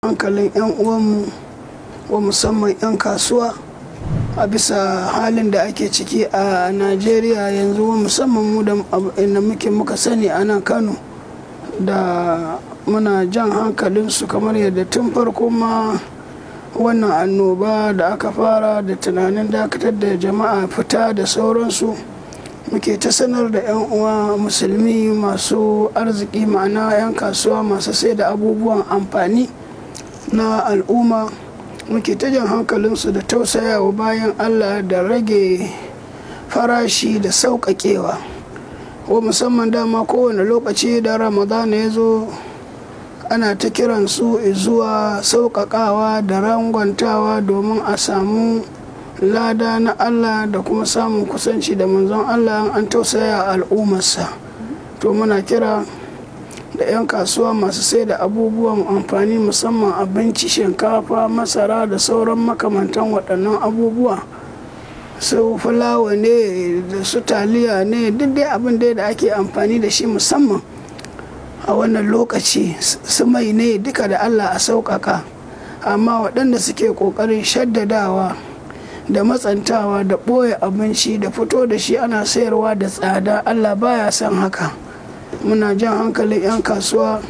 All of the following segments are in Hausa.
hankalin 'yan uwanmu wa musamman 'yan kasuwa a bisa halin da ake ciki a najeriya yanzu wa musamman mu da muke muka sani a nan kano da muna jan hankalinsu kamar yadda tun farko ma wannan annoba da aka fara da tunanin dakatar da jama'a fita da sauransu muke ta sanar da 'yan uwa musulmi masu arziki ma'ana 'yan kasuwa masu sai da abubuwan amfani na al'umma muke ta jan hankalinsu da tausayawa bayan allah da rage farashi da sauƙaƙewa ko musamman dama kowane lokaci da ramadana ya zo ana ta kiran su zuwa sauƙaƙawa da rangwantawa domin a samu lada na allah da kuma samun kusanci da manzon allah an tausaya al'ummarsa to muna kira da 'yan kasuwa masu sai da abubuwan amfani musamman abinci shinkafa masara da sauran makamantan waɗannan abubuwa su fulawa ne da su taliya ne duk dai abin da ake amfani da shi musamman a wannan lokaci su mai ne duka da allah a sauƙaƙa amma waɗanda suke ƙoƙarin shaddadawa da matsantawa da ɓoye abinci da fito da shi ana sayarwa da tsada allah baya son haka muna jan hankalin 'yan kasuwa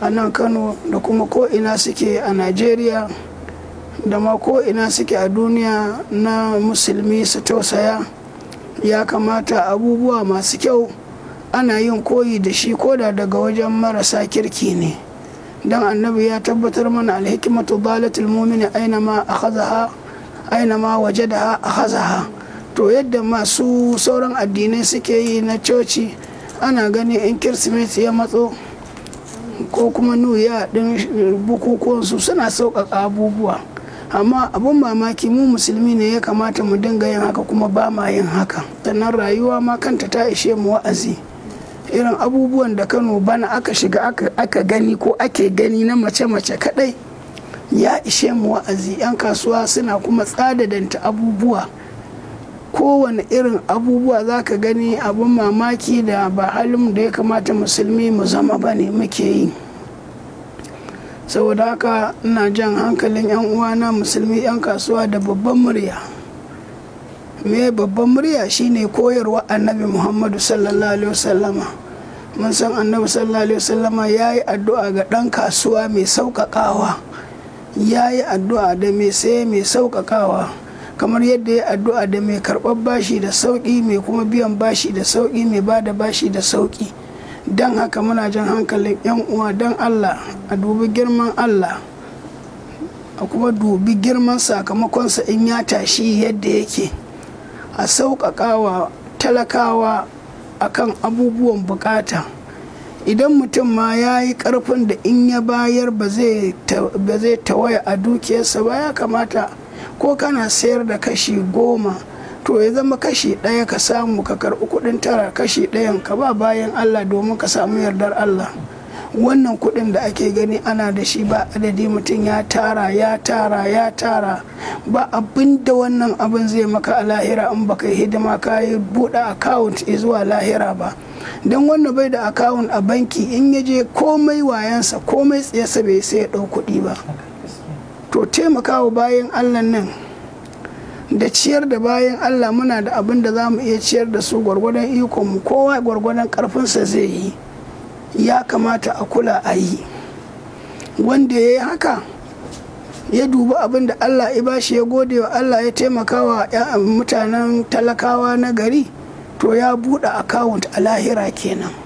a nan kano da kuma ko'ina suke a najeriya da ma ko ina suke a duniya na musulmi su tausaya ya kamata abubuwa masu kyau ana yin koyi da shi koda daga wajen marasa kirki ne don annabi ya tabbatar mana alhikimatu balatul mumini aina ma a akhazaha aina ma waje da a hazaha to yadda masu sauran addinai suke yi na coci ana ganin in kirsimeti ya matso ko kuma nuya year bukukuwan su suna sauƙaƙa abubuwa amma abin mamaki mu musulmi ne ya kamata mu dinga yin haka kuma ba ma yin haka sannan rayuwa ma kanta ta ishe mu wa'azi irin abubuwan da kano bana aka shiga aka gani ko ake gani na mace-mace kadai ya ishe mu wa'azi 'yan kasuwa suna kuma tsadadanta abubuwa kowane irin abubuwa za ka gani abin mamaki da ba halin da ya kamata musulmi mu zama ba ne muke yi saboda haka ina jan hankalin 'yan uwana musulmi 'yan kasuwa da babban murya me babban murya shine koyarwa annabi muhammadu sallallahu alaihi wasallama mun san annabi sallallahu alaihi wasallama ya yi addu'a ga ɗan kasuwa mai sauƙaƙawa ya yi addu'a da mai saye mai sauƙaƙawa kamar yadda ya addu'a da mai karɓar bashi da sauƙi mai kuma biyan bashi da sauƙi mai ba da bashi da sauƙi don haka muna jan hankalin 'yan uwa don allah a dubi girman allah a kuma dubi girman sakamakonsa in ya tashi yadda yake a sauƙaƙawa talakawa akan abubuwan bukata idan mutum ma ya yi ƙarfin da in ya bayar ba zai tawaya a dukiyarsa ba ya kamata ko kana sayar da kashi goma to ya zama kashi ɗaya ka samu ka karɓi kuɗin tara kashi ɗayan ka ba bayan allah domin ka samu yardar allah wannan kuɗin da ake gani ana da shi ba adadi mutum ya tara ya tara ya tara ba abin da wannan abin zai maka a lahira in baka hidima ka yi buɗe account zuwa lahira ba don wannan bai da account a banki in ya je komai wayansa komai tsayasa bai sai ya ɗau kuɗi ba to taimakawa bayan allah nan da ciyar da bayan allah muna da abin da za mu iya ciyar da su gwargwadon ikonmu kowa gwargwadon karfinsa zai yi ya kamata a kula a yi wanda ya yi haka ya dubi abin da allah ya bashi ya gode wa allah ya taimakawa mutanen talakawa na gari to ya buɗe akawunt a lahira kenan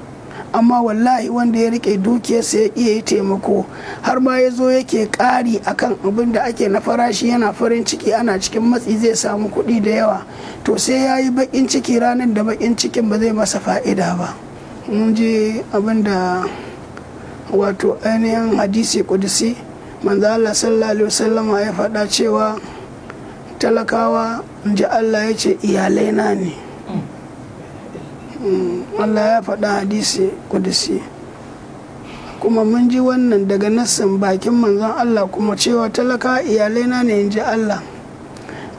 amma wallahi wanda ya rike dukiyarsa ya iya yi taimako har ma ya zo yake kari akan abin da ake na farashi yana farin ciki ana cikin matsi zai samu kuɗi da yawa to sai ya yi baƙin ciki ranar da bakin cikin ba zai masa fa'ida ba mun je abin da wato ainihin hadisi kudusi manzo Allah sallallahu alaihi wasallam ya faɗa cewa talakawa in ji Allah ya ce iyalai na ne mm. Mm. Allah ya faɗa hadisi kudusi kuma mun ji wannan daga nassin bakin manzon Allah kuma cewa talaka iyalaina ne in ji Allah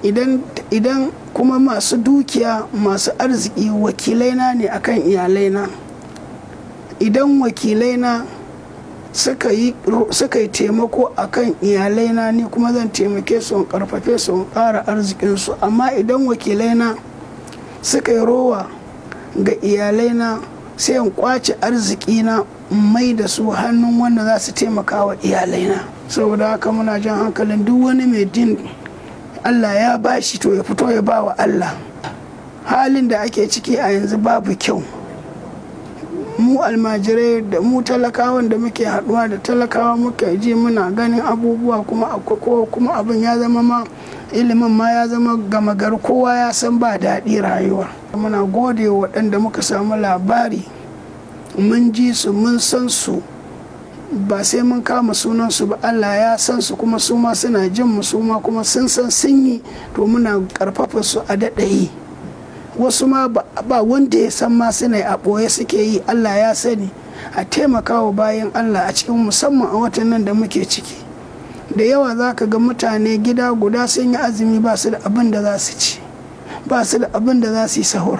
idan kuma masu dukiya masu arziki wakilaina ne akan iyalaina idan wakilaina suka yi taimako akan iyalaina ne kuma zan taimake su karfafe su kara arzikinsu amma idan wakilaina suka yi rowa ga iyalai na sai in kwace arzikina mai da su hannun wanda za su taimaka wa iyalaina saboda haka muna jan hankalin duk wani mai din allah ya bashi to ya fito ya ba wa allah halin da ake ciki a yanzu babu kyau mu almajirai da mu talakawan da muke haɗuwa da talakawa muke ji muna ganin abubuwa kuma kuma abin ya zama ma ilimin ma ya zama gama gar kowa ya san ba daɗi rayuwa muna gode waɗanda muka samu labari mun ji su mun san su ba sai mun kama sunan su ba Allah ya san su kuma su ma suna jin mu su ma kuma sun san sun yi to muna karfafa su a daɗayi wasu ma ba wanda ya san ma suna a ɓoye suke yi allah ya sani a taimakawa bayan allah a cikin musamman a watan nan da muke ciki da yawa za ka ga mutane gida guda sun yi azumi ba su da abin da za su ci ba su da abin da za su yi sahur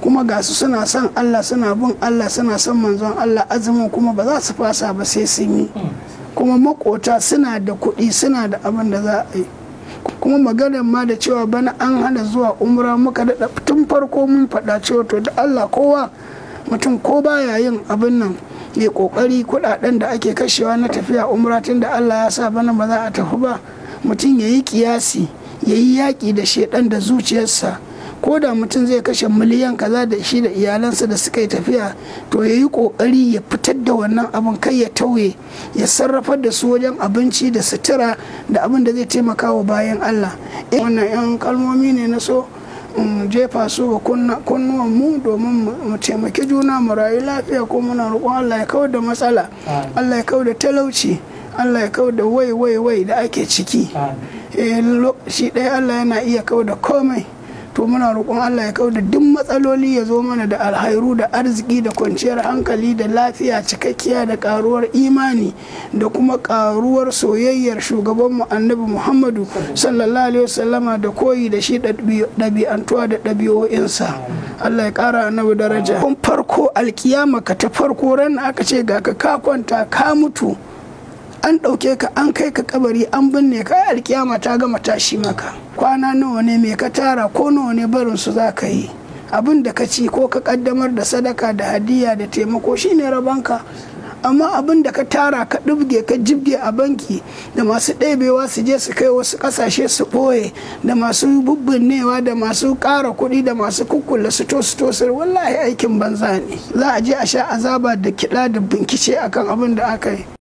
kuma ga su suna son allah suna bin allah suna son manzon allah azumin kuma ba za su fasa ba sai sun yi kuma makota suna da kuɗi suna da abin da za a yi kuma maganar ma da cewa bana an hana zuwa umra muka daɗa tun farko mun faɗa cewa to da allah kowa mutum ko baya yin abin nan ne kokari kudaden da ake kashewa na tafiya umra tun da allah ya sa bana ba za a tafi ba mutum ya yi kiyasi ya yi yaƙi da shaidan da zuciyarsa ko da mutum zai kashe miliyan kaza da shi da iyalansa da suka yi tafiya to ya yi kokari ya fitar da wannan abin kai ya tauye ya sarrafa da su wajen abinci da sutura da abin da zai taimaka wa bayan allah wannan 'yan kalmomi ne na so jefa su ga kunnuwan mu domin mu taimaki juna mu rayu lafiya ko muna roƙon Allah ya kawar da matsala Allah ya kawar da talauci Allah ya kawar da wai wai wai da ake ciki shi eh, ɗaya Allah yana iya kawar da komai to muna roƙon Allah ya kauda duk matsaloli ya zo mana da alhairu da arziki da kwanciyar hankali da lafiya cikakkiya da karuwar imani da kuma karuwar soyayyar shugabanmu annabi Muhammadu sallallahu alaihi wasallama da koyi da shi ɗabi'antuwa da ɗabi'o'insa Allah ya ƙara annabi daraja kun farko alkiyama ka ta farko ran aka ce ga ka kwanta ka mutu an ɗauke ka an kai ka kabari an binne ka alkiyama ta gama tashi maka kwana nawa ne me ka tara ko nawa ne barin su za ka yi abin da ka ci ko ka kaddamar da sadaka da hadiya da taimako shine rabanka amma abin da ka tara ka dubge ka jibge a banki da masu ɗebewa su je su kai wasu ƙasashe su ɓoye da masu bubbinnewa da masu ƙara kuɗi da masu kukkula su to su tosir wallahi aikin banza ne za a je a sha azaba da kiɗa da binkice akan abin da aka yi